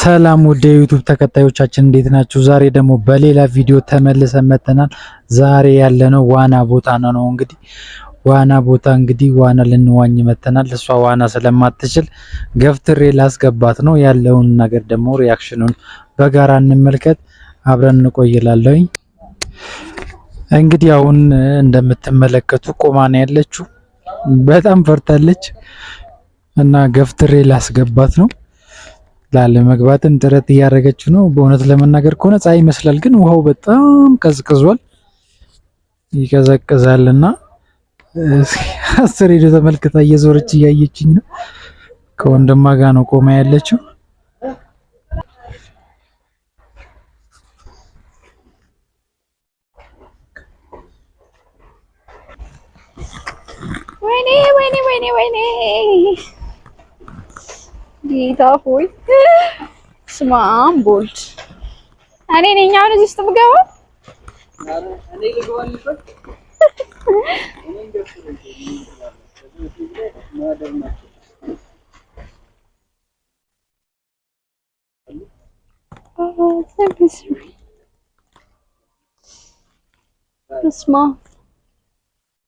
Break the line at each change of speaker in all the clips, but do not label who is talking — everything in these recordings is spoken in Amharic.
ሰላም ወደ ዩቱብ ተከታዮቻችን እንዴት ናችሁ? ዛሬ ደግሞ በሌላ ቪዲዮ ተመልሰን መተናል። ዛሬ ያለነው ዋና ቦታ ነው። እንግዲህ ዋና ቦታ እንግዲህ ዋና ልንዋኝ መተናል። እሷ ዋና ስለማትችል ገፍትሬ ላስገባት ነው። ያለውን ነገር ደግሞ ሪያክሽኑን በጋራ እንመልከት። አብረን እንቆይላለሁኝ። እንግዲህ አሁን እንደምትመለከቱ ቆማ ነው ያለችው። በጣም ፈርታለች እና ገፍትሬ ላስገባት ነው። ላለመግባትም ጥረት እያደረገችው ነው። በእውነት ለመናገር ከሆነ ፀሐይ ይመስላል፣ ግን ውሃው በጣም ቀዝቅዟል። ይቀዘቅዛል እና አስር ሄዶ ተመልክታ እየዞረች እያየችኝ ነው። ከወንድማ ነው ቆማ ያለችው።
ወይኔ ወይኔ ወይኔ ወይኔ ጌታ ሆይ ስማ አምቦልድ እኔ ነኝ አሁን እዚህ ውስጥ የምገባው። ስማ oh,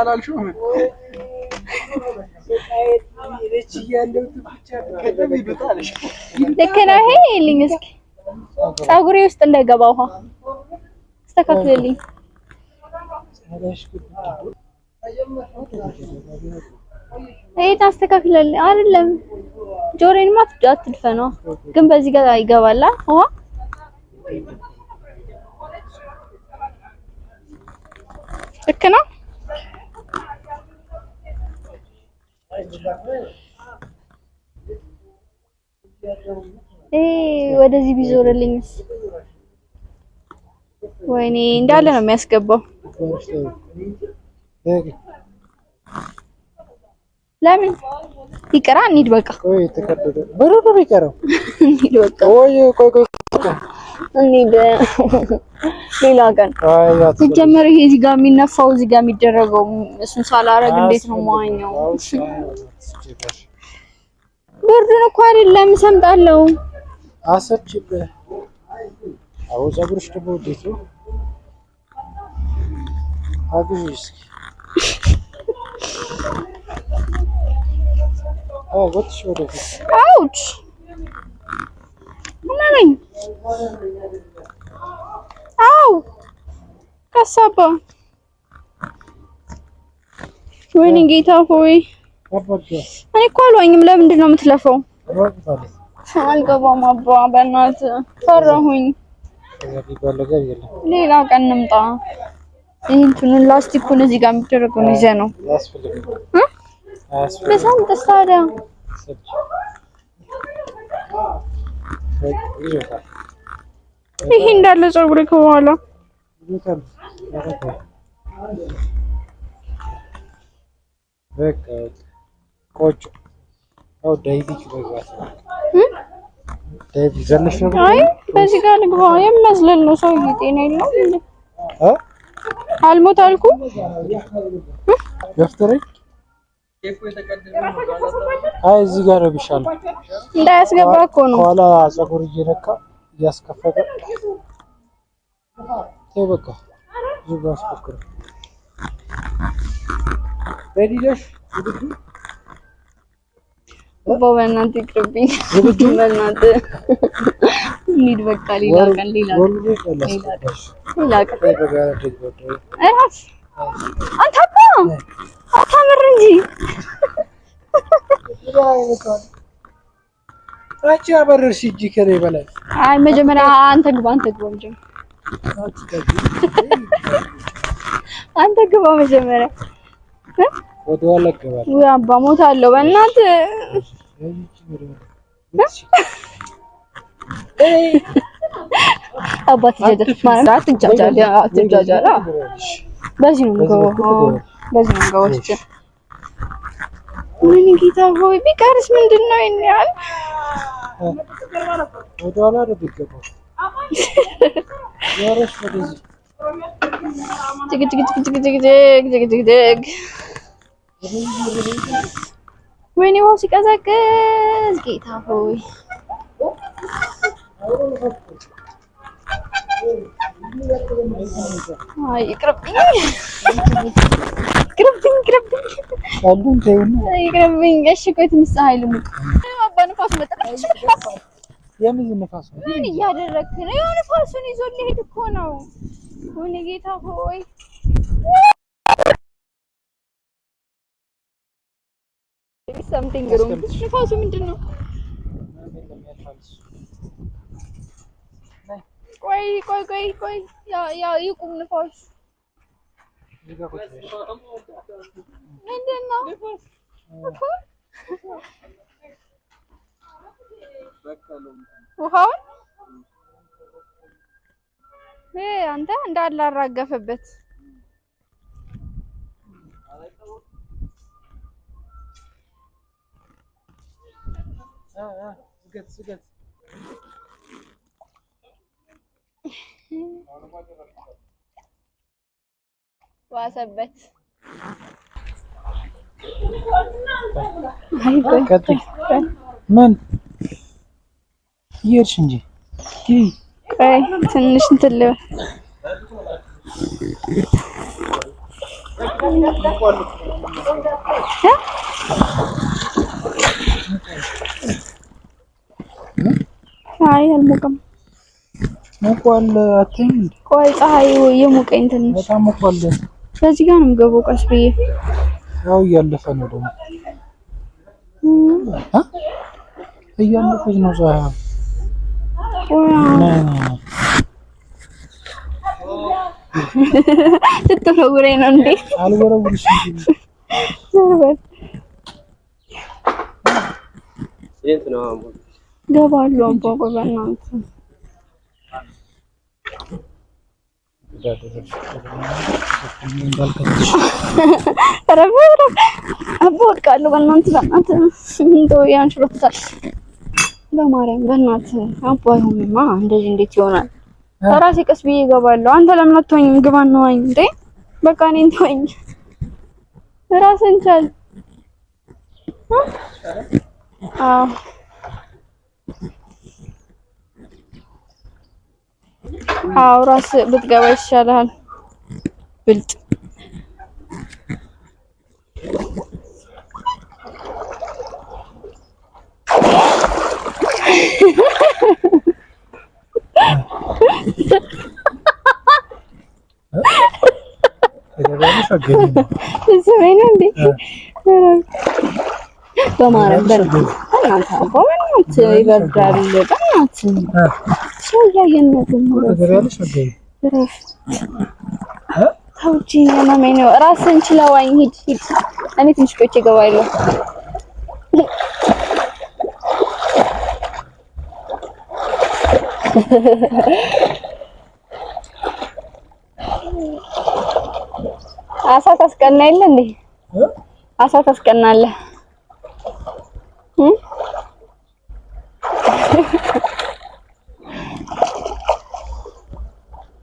አላልሽውም? ልክ ነው። ይሄ የለኝ እስኪ ፀጉሬ ውስጥ እንዳይገባ ውሃ አስተካክልልኝ። ይሄን አስተካክልልኝ። አይደለም ጆሮዬንማ አትድፈነዋ፣ ግን በዚህ ጋር ይገባላ ውሃ ልክ ነው። ወደዚህ ቢዞርልኝስ? ወይኔ እንዳለ ነው የሚያስገባው። ለምን ይቀራ? እንሂድ በቃ። ቆይ ተቀደደ በረዶ ይቀራው። እንሂድ በቃ። ቆይ ቆይ ቆይ እንሂድ ሌላ ቀን። ሲጀመር ይሄ እዚህ ጋር የሚነፋው እዚህ ጋር የሚደረገው እሱን ሳላረግ እንዴት ነው መዋኛው? ብርድን እኮ አይደለም ደግሞ እንዴት ነው?
አግዥ እስኪ ወጥሽ አውች
አው ከሳባ ወይኔ ጌታ ሆይ እኔ እኮ አልዋኝም። ለምንድን ነው የምትለፈው? አልገባም አባ በእናትህ ፈራሁኝ። ሌላ ቀን እንምጣ። ይሄን ላስቲኩን እዚህ ጋር የሚደረገውን ይዘ ነው ለሳምንት ታዲያ ይሄ እንዳለ ፀጉሬ ከኋላ
ቆጮ አይ
በዚህ ጋር ልግባ ነው። ሰውዬ ጤና የለውም። አልሞት አልኩ
አይ እዚህ ጋር ነው
እንዳያስገባ እኮ ነው ኋላ ፀጉር እየነካ Yaz kafa da.
Gel bakalım. Dur biraz bakalım. Where did you
go? Bobernate Krupin. Bobernate. निर्भर काली लागन लीला लीला अथपा अथा मरंजी
अच्छा बरर सिजी करे बले
አይ መጀመሪያ አንተ ግባ፣ አንተ ግባ መጀመሪያ አንተ ግባ መጀመሪያ።
ፎቶ አለቀባል
ወይ አባ ሞታለሁ በእናትህ አባ በዚህ ነው በዚህ ነው ምን ጌታ ሆይ ቢቀርስ ምንድን ነው ይሄን ያህል Odaları dikkat et. Yarışmadız. Çıkı çıkı çıkı çıkı çıkı çıkı çıkı çıkı çıkı. Beni musik azak kız. Gita boy. Ay, kerapting. Kerapting,
kerapting. değil mi?
Ay, kerapting. Aşık etmiş sahilim. በንፋስ መጠቀች
የምን ንፋስ ነው?
ምን እያደረግክ ነው? ያው ንፋሱን ይዞ ሊሄድ እኮ ነው። ወይኔ ጌታ ሆይ ንፋሱ ምንድን ነው? ቆይ ቆይ ቆይ ቆይ ያው ይቁም ንፋሱ ምንድን ነው? ውሃውን አንተ እንዳላራገፈበት ዋሰበት።
ምን እየሄድሽ እንጂ
ቆይ ትንሽ እንትን ልበል። አይ አልሞቀም።
ሞቋል አትይም።
ቆይ ፀሐይ የሞቀኝ ትንሽ በጣም ሞቋል። በዚህ ጋር ነው የምገባው ቀስ ብዬ።
ያው እያለፈ ነው ደግሞ እያለፈች ነው ፀሐይ
ስትወረውረኝ ነው እንዴ? አልወረውርሽም። ገባለሁ እኮ ቆይ በእናትህ አቦ ወድቃለሁ። በእናትህ በእናትህ እንደው ያንሽሮታል በማርያም በእናት አቦ አይሆንማ። እንደዚህ እንዴት ይሆናል? ከራሴ ቀስ ብዬ እገባለሁ። አንተ ለምን አትሆኝም? ግባ አይ እንዴ በቃ እኔን ተወኝ። ራስን ቻል። አዎ አዎ ራስ ብትገባ ይሻላል ብልጥ
ሰው
እራስን ችለዋኝ። ሂድ ሂድ። እኔ ትንሽ ቆይቼ እገባለሁ። አሳ ታስቀና የለ እንዴ? አሳ ታስቀናለህ?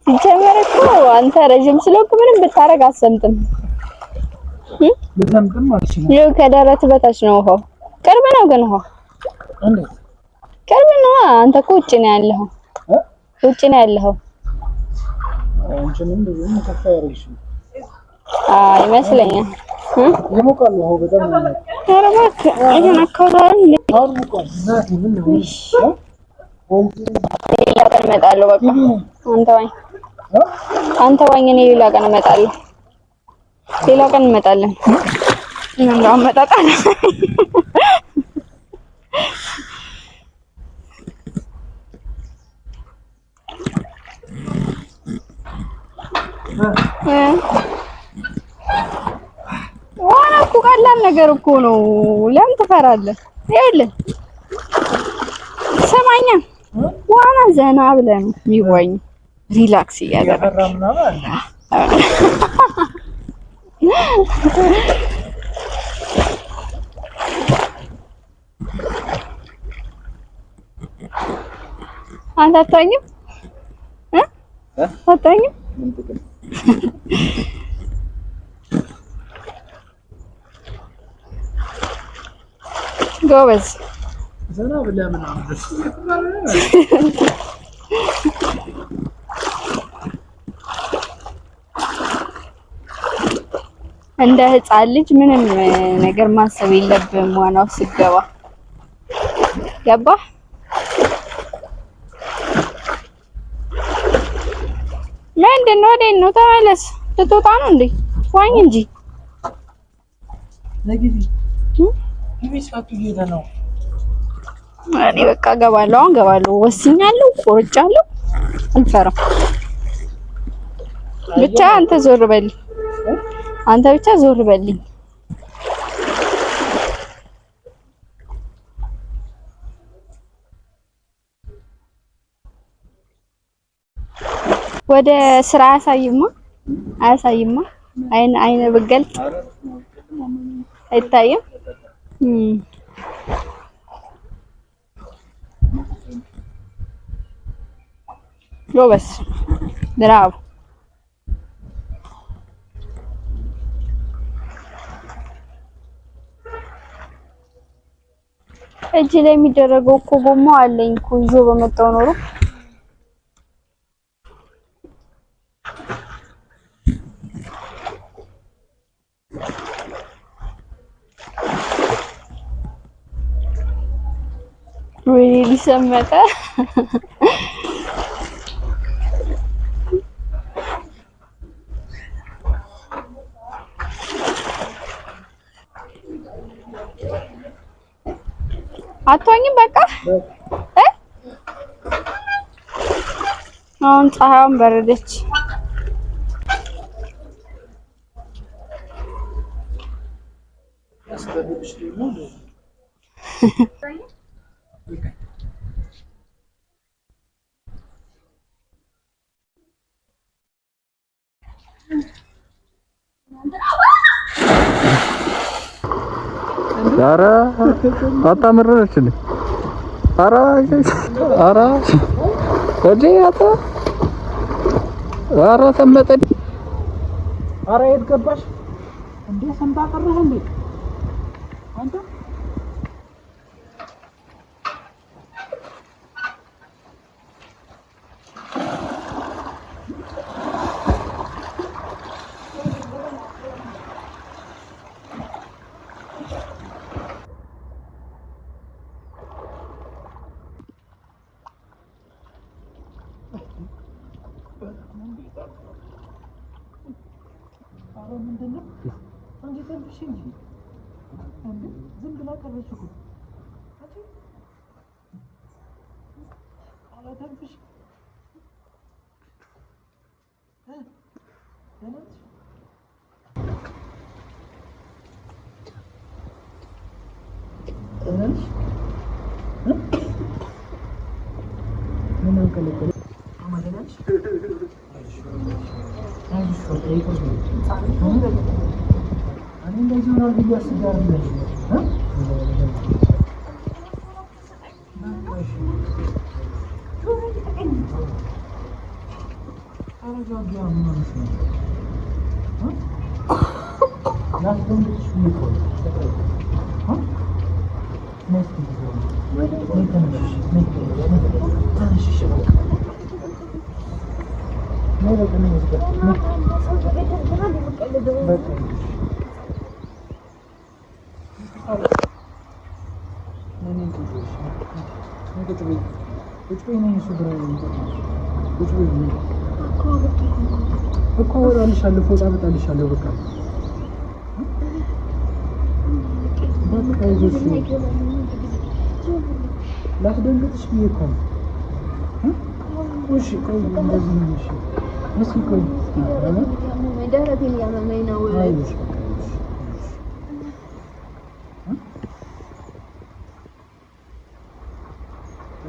ሲጀመር እኮ አንተ ረዥም ስለሆንክ ምንም ብታረግ አትሰምጥም። ይኸው ከደረት በታች ነው ውሃው። ቅርብ ነው ግን ውሃው ቅርብ ነው። አንተ እኮ ውጭ ነው ያለኸው። ውጭ ነው ያለኸው ይመስለኛል።
ሌላ
ቀን አንተ ዋኝ እኔ ሌላ ቀን እመጣለሁ። ሌላ ቀን እንመጣለን። ዋና እኮ ቀላል ነገር እኮ ነው። ለምን ትፈራለህ? ይኸውልህ ሰማኛ ዋና ዘና ብለን የሚዋኝ ሪላክስ እያደረግህ አንተ አታኝም አታኝም ጎበዝ እንደ ህፃን ልጅ ምንም ነገር ማሰብ የለብም ዋናው ስገባ ገባ ምንድን ነው? ወዴት ነው? ተመለስ። ልትወጣ ነው እንዴ? ዋኝ እንጂ እኔ በቃ እገባለሁ። አሁን እገባለሁ። ወስኛለሁ፣ ቆርጫለሁ። አልፈራም። ብቻ አንተ ዞር በልኝ። አንተ ብቻ ዞር በልኝ። ወደ ስራ አያሳይማ አያሳይማ አይን አይነ ብገልጥ አይታይም። ጎበስ ብራቮ። እጅ ላይ የሚደረገው እኮ ጎማው አለኝ እኮ ይዞ በመጣው ኖሮ ሰመጠ አቶኝ በቃ አሁን ፀሐዩን በረደች።
ኧረ አታምረች እንዴ? ኧረ ኧረ ወዴ አታ ኧረ ተመጠ ኧረ የት ገባሽ እንዴ? ሰምታ ቀረህ እንዴ አንተ Çinci. Hem de zımbıla karışık. Hadi. Aladan fış. Şey- He. Ben aç. Evet. Ne kadar gidersin geldi. Ha? Aracağım bir anlamda Ha? Yaktığım bir suyu ne Ha? Ne istiyorsun? Ne tanışış? Ne tanışış? ne bak. Ne oldu? Ne oldu? Ne oldu? Ne oldu? Ne oldu? भी कुछ भी नहीं सुधरा कुछ भी नहीं እኮ እወጣልሻለሁ ፎጣ እመጣልሻለሁ በቃ በቃ ይዞሽ ላስደንግጥሽ ብዬ እኮ ነው እሺ ቆይ እንደዚህ ነው እሺ እስኪ ቆይ
ደረቴን እያመመኝ ነው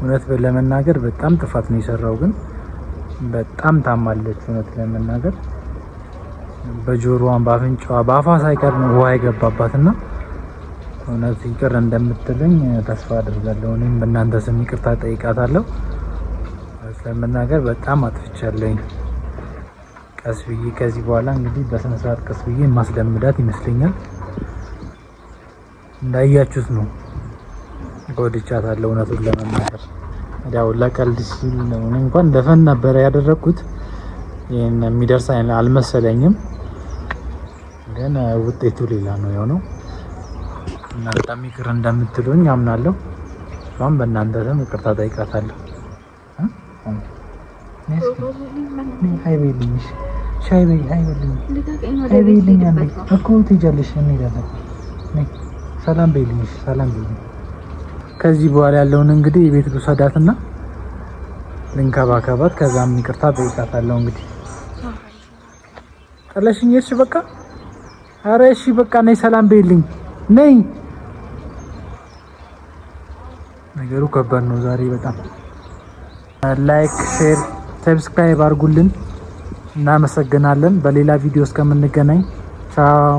እውነት ለመናገር በጣም ጥፋት ነው የሰራው። ግን በጣም ታማለች። እውነት ለመናገር በጆሮዋን፣ በአፍንጫዋ፣ በአፋ ሳይቀር ነው ውሃ የገባባትና እውነት ይቅር እንደምትለኝ ተስፋ አድርጋለሁ። እኔም በእናንተ ስም ይቅርታ ጠይቃታለሁ። ስለመናገር በጣም አጥፍቻለኝ። ቀስ ብዬ ከዚህ በኋላ እንግዲህ በስነ ስርዓት ቀስ ብዬ ማስለምዳት ይመስለኛል። እንዳያችሁት ነው ጎድቻታለሁ። እውነቱን ለመናገር ያው ለቀልድ ሲል ነው እንኳን ለፈን ነበረ ያደረኩት። ይሄን የሚደርስ አልመሰለኝም፣ ግን ውጤቱ ሌላ ነው የሆነው። እናንተም ይቅር እንደምትሉኝ አምናለሁ። እሷም በእናንተ ስም ይቅርታ ጠይቃታለሁ። ሻይ በይልኝ፣ ሻይ በይልኝ እኮ ትሄጃለሽ። እንሄዳለን። ሰላም በይልኝ፣ ሰላም በይልኝ ከዚህ በኋላ ያለውን እንግዲህ የቤት ልውሰዳትና ልንከባከባት፣ ከዛም ይቅርታ ጠይቃታለሁ። እንግዲህ ጥለሽኝ እሺ፣ በቃ አረ፣ እሺ፣ በቃ ነይ፣ ሰላም በይልኝ፣ ነይ። ነገሩ ከባድ ነው ዛሬ በጣም። ላይክ፣ ሼር፣ ሰብስክራይብ አድርጉልን። እናመሰግናለን። በሌላ ቪዲዮ እስከምንገናኝ ቻው።